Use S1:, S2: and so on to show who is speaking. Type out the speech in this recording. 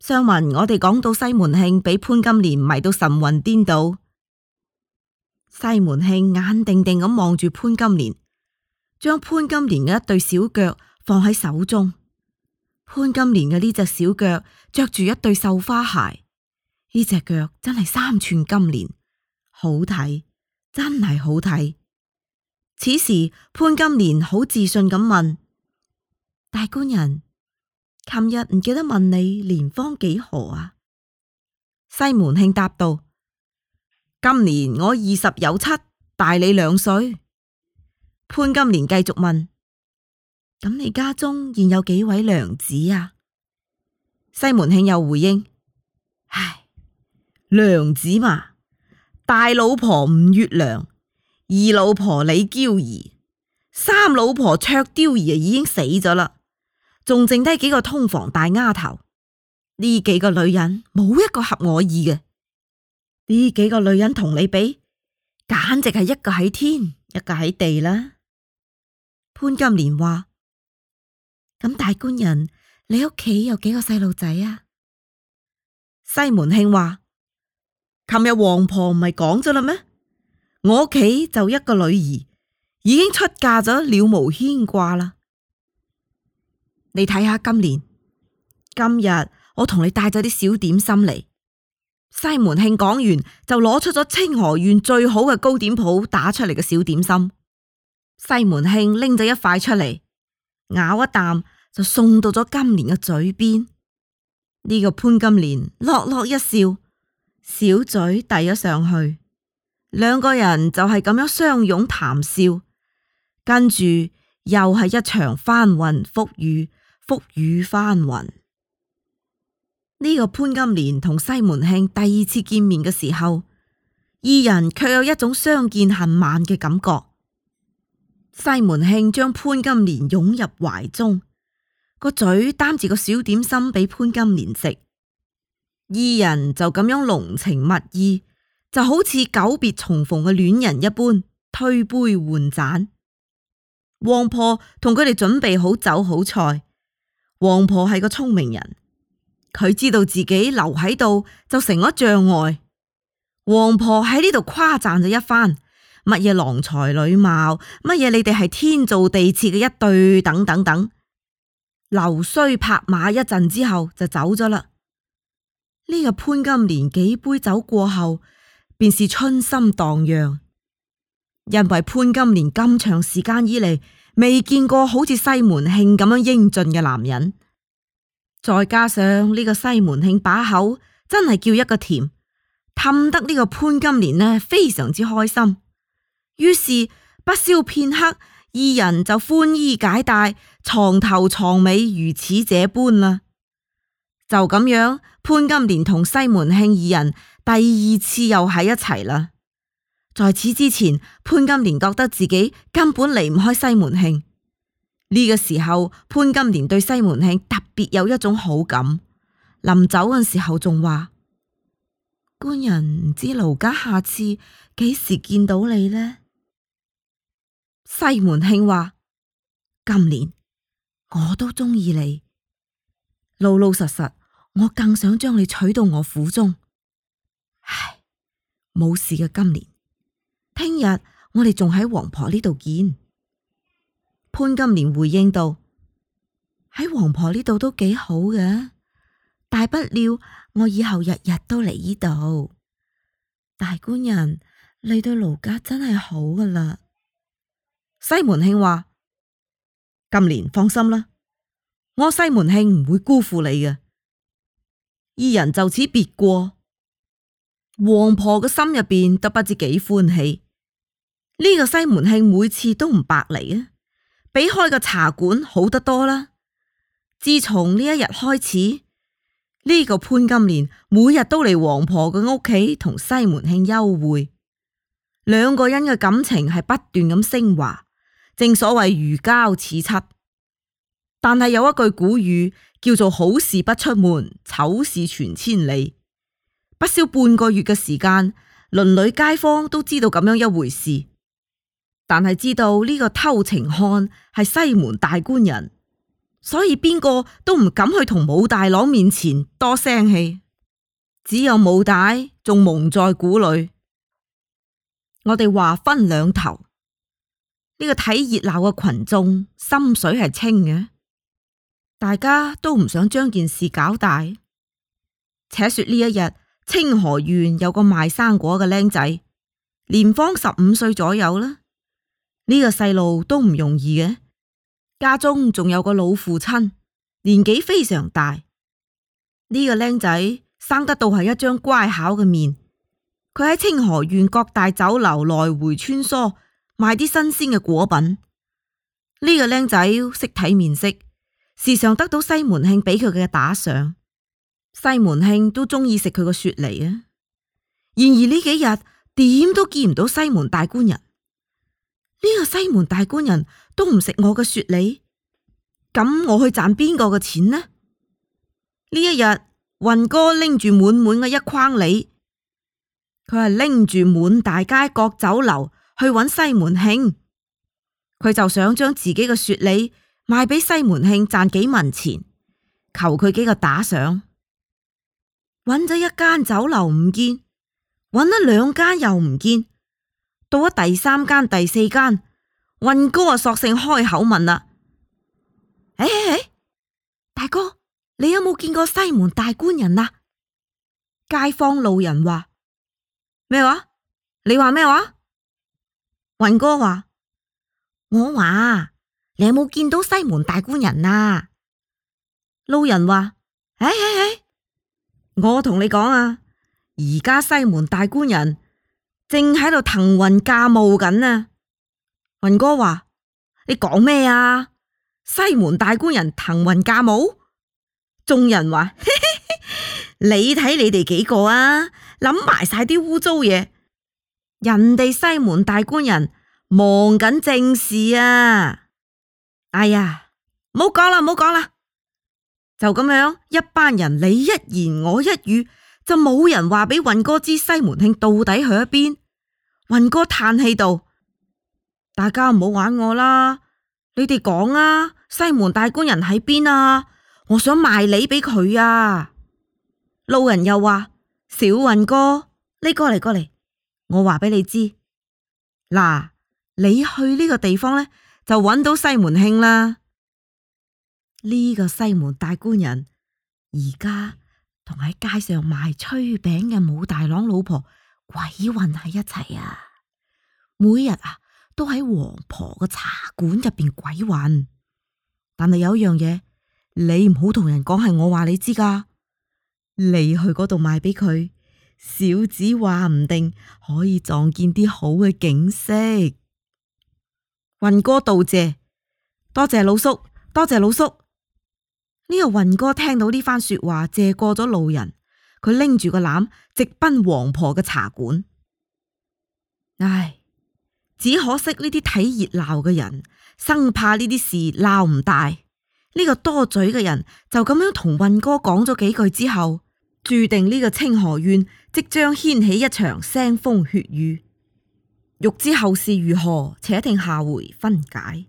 S1: 上文我哋講到西門慶俾潘金蓮迷到神魂顛倒，西門慶眼定定咁望住潘金蓮，將潘金蓮嘅一對小腳放喺手中。潘金蓮嘅呢隻小腳着住一對繡花鞋，呢隻腳真係三寸金蓮，好睇，真係好睇。此時潘金蓮好自信咁問大官人。琴日唔記得問你年方幾何啊？西門慶答道：今年我二十有七，大你兩歲。潘金蓮繼續問：咁你家中現有幾位娘子啊？西門慶又回應：唉，娘子嘛，大老婆吳月娘，二老婆李嬌兒，三老婆卓丟兒啊，已經死咗啦。仲剩低幾個通房大丫頭，呢幾個女人冇一個合我意嘅。呢幾個女人同你比，簡直係一個喺天，一個喺地啦。潘金蓮話：咁大官人，你屋企有幾個細路仔啊？西門慶話：琴日王婆唔係講咗啦咩？我屋企就一個女兒，已經出嫁咗，了無牽掛啦。你睇下今年今日，我同你帶咗啲小點心嚟。西門慶講完就攞出咗清河縣最好嘅糕點鋪打出嚟嘅小點心。西門慶拎咗一塊出嚟，咬一啖就送到咗金蓮嘅嘴邊。呢個潘金蓮咯咯一笑，小嘴遞咗上去，兩個人就係咁樣相擁談笑，跟住又係一場翻雲覆雨。覆雨翻雲，呢個潘金蓮同西門慶第二次見面嘅時候，二人卻有一種相見恨晚嘅感覺。西門慶將潘金蓮擁入懷中，個嘴擔住個小點心俾潘金蓮食，二人就咁樣濃情蜜意，就好似久別重逢嘅戀人一般，推杯換盞。王婆同佢哋準備好酒好菜。王婆係個聰明人，佢知道自己留喺度就成咗障礙。王婆喺呢度誇讚咗一番，乜嘢郎才女貌，乜嘢你哋係天造地設嘅一對，等等等。溜鬚拍馬一陣之後就走咗啦。呢、這個潘金蓮幾杯酒過後，便是春心蕩漾，因為潘金蓮咁長時間以嚟。未見過好似西門慶咁樣英俊嘅男人，再加上呢個西門慶把口真係叫一個甜，氹得呢個潘金蓮呢非常之開心。於是不消片刻，二人就寬衣解帶，床頭床尾如此這般啦。就咁樣，潘金蓮同西門慶二人第二次又喺一齊啦。在此之前，潘金蓮覺得自己根本離唔開西門慶。呢個時候，潘金蓮對西門慶特別有一種好感。臨走嘅時候，仲話：官人唔知奴家下次幾時見到你咧？西門慶話：今年我都鍾意你，老老實實，我更想將你娶到我府中。唉，冇事嘅，今年。聽日我哋仲喺王婆呢度見潘金蓮回應道：喺王婆呢度都幾好嘅，大不了我以後日日都嚟呢度。大官人，你對盧家真係好噶啦。西門慶話：金蓮放心啦，我西門慶唔會辜負你嘅。二人就此別過。王婆嘅心入邊都不知幾歡喜。呢個西門慶每次都唔白嚟嘅，比開個茶館好得多啦。自從呢一日開始，呢個潘金蓮每日都嚟王婆嘅屋企同西門慶幽會，兩個人嘅感情係不斷咁升華，正所謂如膠似漆。但係有一句古語叫做好事不出門，醜事傳千里。不消半個月嘅時間，鄰里街坊都知道咁樣一回事。但係知道呢個偷情漢係西門大官人，所以邊個都唔敢去同武大郎面前多聲氣，只有武大仲蒙在鼓裏。我哋話分兩頭，呢個睇熱鬧嘅群眾心水係清嘅，大家都唔想將件事搞大。且說呢一日，清河縣有個賣生果嘅僆仔，年方十五歲左右啦。呢個細路都唔容易嘅，家中仲有個老父親，年紀非常大。呢個僆仔生得到係一張乖巧嘅面，佢喺清河縣各大酒樓來回穿梭，賣啲新鮮嘅果品。呢個僆仔識睇面色，時常得到西門慶俾佢嘅打賞。西門慶都中意食佢個雪梨啊。然而呢幾日點都見唔到西門大官人。呢個西門大官人都唔食我嘅雪梨，咁我去賺邊個嘅錢呢？呢一日，云哥拎住滿滿嘅一筐梨，佢係拎住滿大街各酒樓去搵西門慶，佢就想將自己嘅雪梨賣俾西門慶賺幾文錢，求佢幾個打賞。搵咗一間酒樓唔見，搵咗兩間又唔見。到咗第三間、第四間，鄆哥啊，索性開口問啦：誒，大哥，你有冇見過西門大官人啊？街坊路人話：咩話？你話咩話？鄆哥話：我話你有冇見到西門大官人啊？路人話：誒誒誒，我同你講啊，而家西門大官人。正喺度騰雲駕霧緊啊！雲哥話：你講咩啊？西門大官人騰雲駕霧？眾人話： 你睇你哋幾個啊？諗埋晒啲污糟嘢，人哋西門大官人忙緊正事啊！哎呀，唔好講啦，唔好講啦，就咁樣一班人，你一言我一語。就冇人話俾雲哥知西門慶到底去咗邊。雲哥嘆氣道：大家唔好玩我啦，你哋講啊，西門大官人喺邊啊？我想賣你俾佢啊！路人又話：小雲哥，你過嚟過嚟，我話俾你知，嗱，你去呢個地方咧，就搵到西門慶啦。呢個西門大官人而家同喺街上賣炊餅嘅武大郎老婆鬼混喺一齊啊！每日啊，都喺王婆嘅茶館入邊鬼混。但係有一樣嘢，你唔好同人講係我話你知噶。你去嗰度賣俾佢，小子話唔定可以撞見啲好嘅景色。雲哥道謝，多謝老叔，多謝老叔。呢個云哥聽到呢番說話，借過咗路人，佢拎住個籃，直奔黃婆嘅茶館。唉，只可惜呢啲睇熱鬧嘅人生怕呢啲事鬧唔大，呢個多嘴嘅人就咁樣同云哥講咗幾句之後，注定呢個清河縣即將掀起一場腥風血雨。欲知後事如何，且聽下回分解。